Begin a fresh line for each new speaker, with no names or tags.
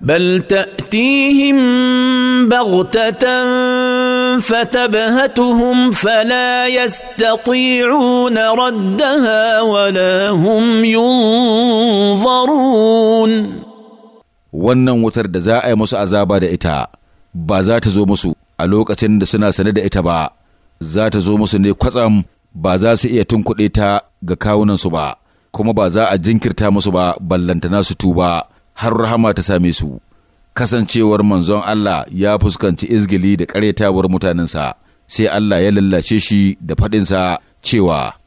بل تاتيهم بغته فتبهتهم فلا يستطيعون ردها ولا هم ينظرون
wannan wutar da za a yi musu azaba da ita ba za ta zo musu a lokacin da suna sane da ita ba za ta zo musu ne kwatsam ba za su iya tunkuɗe ta ga kawunansu ba kuma ba za a jinkirta musu ba ballantana su tuba har rahama ta same su kasancewar manzon Allah ya fuskanci izgili da ƙaretawar mutanensa sai Allah ya lallace shi da faɗinsa cewa